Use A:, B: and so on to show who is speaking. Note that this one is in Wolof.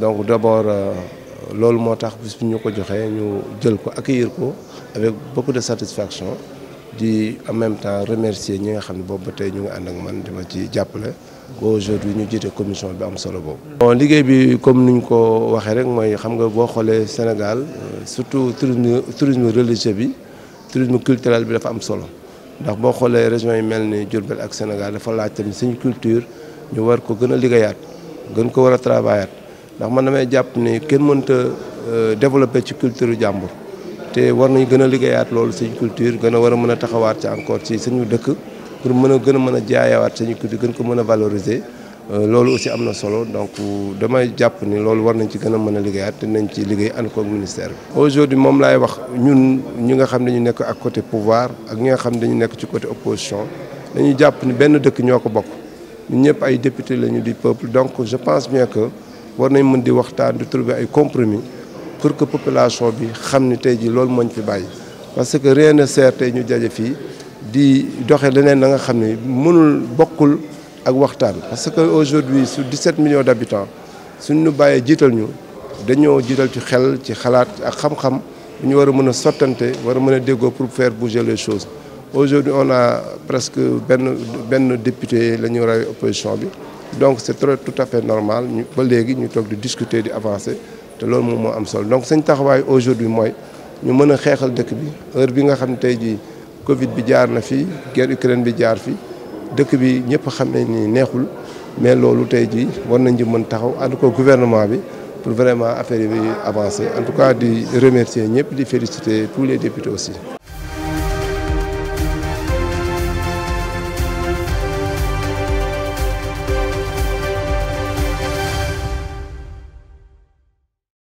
A: donc d'abord euh, loolu moo tax bis ñu ko joxee ñu jël ko ak accueillir ko avec beaucoup de satisfaction di en même temps remercier ñi nga xam ne boobu ba tey ñu ngi ànd ak man di ma ci jàppale ba aujourd'hui ñu jiite commission bi am solo boobu. bon liggéey bi comme ni ñu ko waxee rek mooy xam nga boo xoolee Sénégal euh, surtout tourisme tourisme religieux bi tourisme culturel bi dafa am solo ndax boo xoolee régions yi mel ni Diourbel ak Sénégal dafa laaj tamit suñu culture ñu war ko gën a liggéeyaat gën ko war a travaillaat ndax man damay jàpp ne kenn mënta euh, développer ci culture jàmbur te war nañu gën a liggéeyaat loolu suñu culture gën a war a mën a taxawaat ci encore ci suñu dëkk pour mën a gën a mën a jaayawaat suñu culture gën ko mën a valoriser euh, loolu aussi am na solo donc damay jàpp ni loolu war nañ ci gën a mën a liggéeyaat te nañ ci liggéey ànd ko ministère bi. aujourd'hui moom laay wax ñun ñi nga xam ne ñu nekk ak côté pouvoir ak ñi nga xam ne dañu nekk ci côté opposition dañuy jàpp ni benn dëkk ñoo ko bokk ñun ñëpp ay député lañu di peuple donc je pense bien que war nañ mën di waxtaan di trouver ay compromis pour que population bi xam ni tey jii ce fi parce que rien ne sert à ñu jaje fii di doxe leneen na nga xam mënul bokkul ak parce que aujourd'hui sur 17 millions d'habitants suñ ñu bàyyee jiital ñu dañoo jiital ci xel ci xalaat ak xam-xam ñu war a qui ont sottante war pour faire bouger les choses aujourd'hui on a presque benn députés député ont ñu rawee opposition bi donc c'est tout à fait normal nous ba discuter di avancer dans loolu nous donc aujourd'hui ñu faire Covid bi guerre Ukraine nous avons fait dëkk bi mais gouvernement pour vraiment avancer en tout cas di remercier et di féliciter tous les députés aussi.